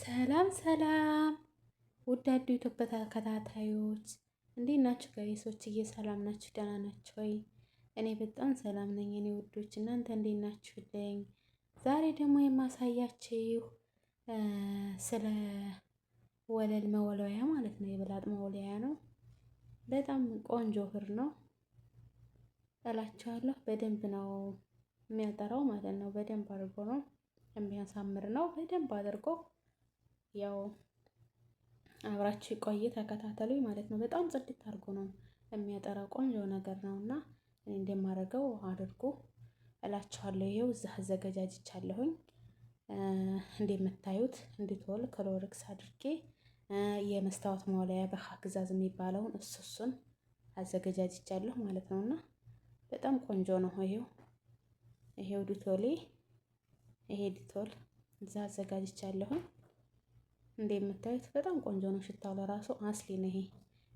ሰላም ሰላም ውድ አዱ ተከታታዮች እንዴት ናችሁ? ገሪሶች እየሰላም ናችሁ? ደህና ናችሁ ወይ? እኔ በጣም ሰላም ነኝ እኔ ውዶች፣ እናንተ እንዴት ናችሁልኝ? ዛሬ ደግሞ የማሳያችሁ ስለ ወለል መወለያ ማለት ነው፣ የብላጥ መወለያ ነው። በጣም ቆንጆ ክር ነው እላችኋለሁ። በደንብ ነው የሚያጠራው ማለት ነው። በደንብ አድርጎ ነው የሚያሳምር ነው። በደንብ አድርጎ ያው አብራችሁ ቆይ ተከታተሉኝ ማለት ነው። በጣም ጽድት አድርጎ ነው የሚያጠራው ቆንጆ ነገር ነው እና እኔ እንደማደርገው አድርጎ እላችኋለሁ። ይሄው እዛ አዘገጃጅቻለሁኝ እንደምታዩት እንዲትወል ክሎሪክስ አድርጌ የመስታወት ማውለያ በካ ግዛዝ የሚባለውን እሱን አዘገጃጅቻለሁ ማለት ነው እና በጣም ቆንጆ ነው። ይሄው ይሄው ዲቶሌ ይሄ ዲቶል እዛ አዘጋጅቻለሁኝ። እንደምታዩት በጣም ቆንጆ ነው። ሽታው ለራሱ አስሊ ነው። ይሄ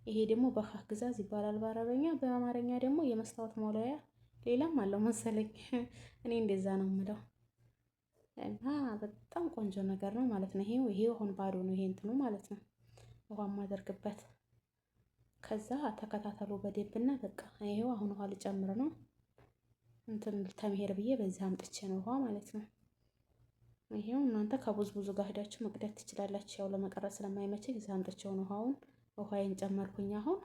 ይሄ ደግሞ በካህ ግዛዝ ይባላል በአረበኛ። በአማርኛ ደግሞ የመስታወት መለያ ሌላም አለው መሰለኝ። እኔ እንደዛ ነው የምለው። እና በጣም ቆንጆ ነገር ነው ማለት ነው። ይሄው ይሄ አሁን ባዶ ነው ይሄ እንትኑ ማለት ነው ውሃ ማደርግበት። ከዛ ተከታተሉ በደንብ እና በቃ ይሄው አሁን ውሃ ልጨምር ነው እንትን ተምሄር ብዬ በዚህ አምጥቼ ነው ውሃ ማለት ነው። ይሄው እናንተ ከቡዝቡዙ ጋር ሄዳችሁ መቅዳት ትችላላችሁ። ያው ለመቀረጽ ስለማይመቸኝ እዚህ ነው። አሁን ውሃዬን ጨመርኩኝ። አሁን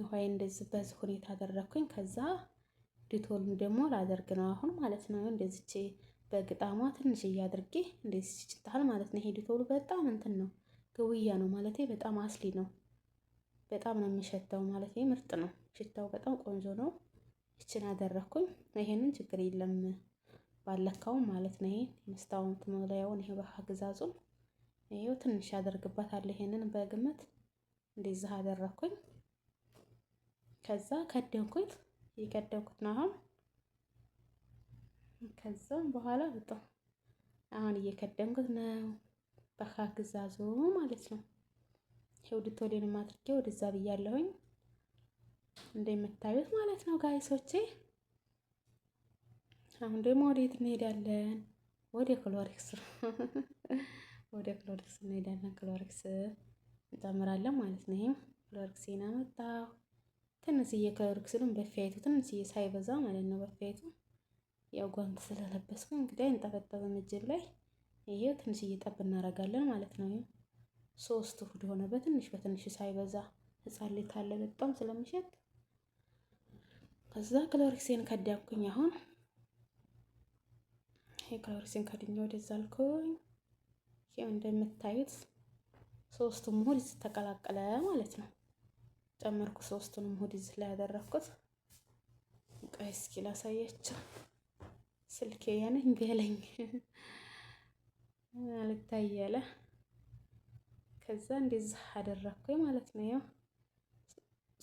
ውሃዬን እንደዚህ በዚህ ሁኔታ አደረኩኝ። ከዛ ዲቶልም ደግሞ ላደርግ ነው አሁን ማለት ነው። እንደዚች በግጣሟ ትንሽ አድርጌ እንደዚህ ይችላል ማለት ነው። ይሄ ዲቶሉ በጣም እንትን ነው ግውያ ነው ማለት በጣም አስሊ ነው። በጣም ነው የሚሸተው ማለት ምርጥ ነው። ሽታው በጣም ቆንጆ ነው። ይችን አደረኩኝ። ይሄንን ችግር የለም ባለካውም ማለት ነው። ይሄን መስታወት መለያውን ይሄ በሃ ግዛዙን ይሄው ትንሽ አለ ይሄንን በግምት እንደዚህ አደረኩኝ። ከዛ ከደንኩት የቀደምኩት ነው አሁን ከዛም በኋላ በጣም አሁን እየከደምኩት ነው በሃ ግዛዙ ማለት ነው። ይሄው ዲቶሌን አድርጌ ወደዛ ብያለሁኝ እንደምታዩት ማለት ነው ጋይሶቼ አሁን ደግሞ ወዴት እንሄዳለን? ወደ ክሎሪክስ ወደ ክሎሪክስ እንሄዳለን። ክሎሪክስ እንጨምራለን ማለት ነው። ይሄም ክሎሪክስን አመጣሁ። ትንሽዬ ክሎሪክስንም በፊያይቱ ትንሽዬ ሳይበዛ ማለት ነው። በፊያይቱ ያው ጓንት ስለለበስኩ እንግዲህ እንጠፈጠፈ እጄ ላይ ይሄ ትንሽዬ ጠብ እናደርጋለን ማለት ነው። ሶስት ውህድ ሆነ። በትንሽ በትንሽ ሳይበዛ ህፃን ልጅ ካለ በጣም ስለሚሸት ከዛ ክሎሪክሴን ከዳኩኝ አሁን የክላሪሲን ከድኛ ወደዛ አልኩኝ። ይሄው እንደምታዩት ሶስቱም ሙድ ተቀላቀለ ማለት ነው። ጨመርኩ ሶስቱንም ሙድ እዚህ ላይ ያደረኩት። ቆይ እስኪ ላሳያቸው። ስልኬ ያነ እንገለኝ አልታየለ። ከዛ እንደዚህ አደረኩኝ ማለት ነው። ያው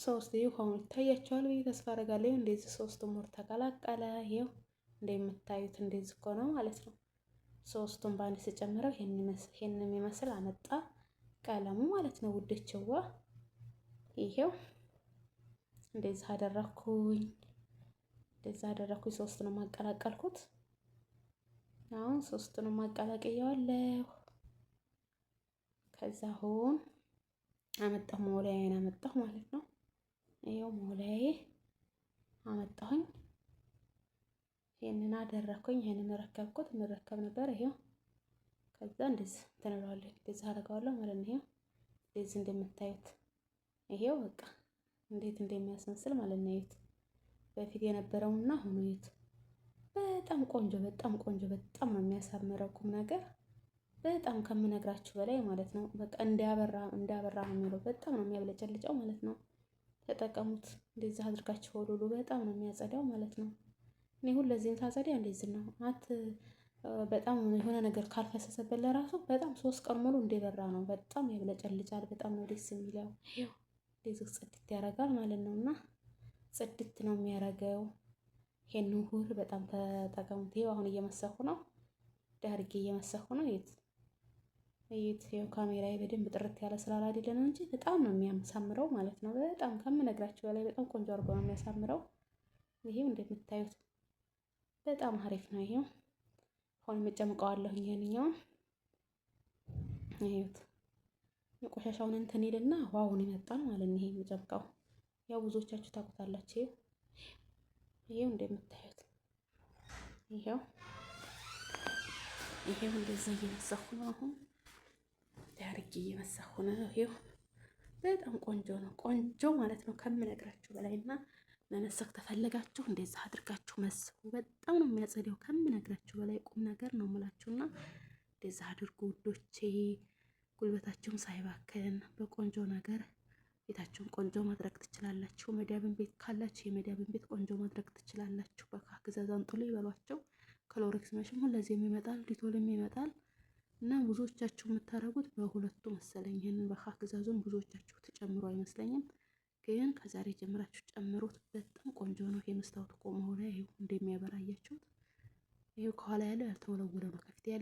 ሶስት ይሁን ይታያቸዋል ብዬ ተስፋ አደርጋለሁ። እንደዚህ ሶስቱም ሙድ ተቀላቀለ ይሄው እንደምታዩት እንደዚህ እኮ ነው ማለት ነው። ሶስቱን በአንድ ስጨምረው ይሄን የሚመስል አመጣ ቀለሙ ማለት ነው። ውድችዋ ይሄው እንደዚህ አደረኩኝ። እንደዚህ አደረኩኝ። ሶስቱን ማቀላቀልኩት አሁን ሶስቱንም አቀላቅየዋለሁ። ከዛ አሁን አመጣሁ መውለያዬን አመጣሁ ማለት ነው። ይሄው መውለያዬ አመጣሁኝ። ይህንን አደረኩኝ። ይህንን ረከብኩት። የምረከብ ነበር ይሄው። ከዛ እንደዚህ ተነራዋለሁ፣ እንደዚህ አደርገዋለሁ ማለት ነው። ይሄው እንደዚህ እንደምታዩት ይሄው በቃ እንዴት እንደሚያስመስል ማለት ነው። ይሄት በፊት የነበረውና አሁን ይሄት በጣም ቆንጆ በጣም ቆንጆ በጣም ነው የሚያሳምረው ቁም ነገር በጣም ከምነግራችሁ በላይ ማለት ነው። በቃ እንዳያበራ እንዳያበራ ነው የሚለው በጣም ነው የሚያብለጨልጨው ማለት ነው። ተጠቀሙት። እንደዚህ አድርጋችሁ ሁሉ በጣም ነው የሚያጸዳው ማለት ነው። እኔ ሁለዚህም ታጸዳ እንደዚህ ነው አት በጣም የሆነ ነገር ካልፈሰሰበት ለራሱ በጣም ሶስት ቀን ሙሉ እንደበራ ነው። በጣም ያብለጨልጫል። በጣም ነው ደስ የሚለው። እንደዚህ ጽድት ያደርጋል ማለት ነው እና ጽድት ነው የሚያደርገው። ይሄን ሁር በጣም ተጠቀሙት። ይሄው አሁን እየመሰኩ ነው፣ ዳርጌ እየመሰኩ ነው። የት የት ይሄው ካሜራዬ በደንብ ጥርት ያለ ስላላ አይደለ ነው እንጂ በጣም ነው የሚያሳምረው ማለት ነው። በጣም ከምነግራችሁ በላይ በጣም ቆንጆ አድርጎ ነው የሚያሳምረው። ይሄው እንደምታዩት በጣም አሪፍ ነው። ይሄው አሁንም እጨምቀዋለሁ። ይሄንኛውን ይሄት የቆሻሻውን እንትን ይልና ዋውን ይመጣል ማለት ነው። ይሄ የሚጨምቀው ያው ብዙዎቻችሁ ታውቁታላችሁ። ይሄው እንደምታዩት ይሄው ይሄው እንደዚህ እየመሰኩ ነው። አሁን ዳርጌ እየመሰኩ ነው። ይሄው በጣም ቆንጆ ነው። ቆንጆ ማለት ነው ከምነግራችሁ በላይና መመሰክ ተፈለጋችሁ እንደዛ አድርጋችሁ መስኩ። በጣም ነው የሚያጸደው ከምነግራችሁ በላይ ቁም ነገር ነው የምላችሁና እንደዛ አድርጉ ውዶቼ። ጉልበታችሁም ሳይባክን በቆንጆ ነገር ቤታችሁን ቆንጆ ማድረግ ትችላላችሁ። መዳብን ቤት ካላችሁ የመዳብን ቤት ቆንጆ ማድረግ ትችላላችሁ። በካ ግዛዝ አንጥሎ ይበሏቸው። ክሎሪክስ መሽም ሁለዚህም ይመጣል፣ ዲቶልም ይመጣል እና ብዙዎቻችሁ የምታረጉት በሁለቱ መሰለኝ። ይህንን በካ ግዛዙን ብዙዎቻችሁ ተጨምሮ አይመስለኝም። ግን ከዛሬ ጀምራችሁ ጨምሮት በጣም ቆንጆ ነው። ይሄ መስታወት ቆሞ ሆነ ይሄው እንደሚያበራ አያችሁት። ይሄው ከኋላ ያለው ያልተወለወለ ነው ከፊት ያለው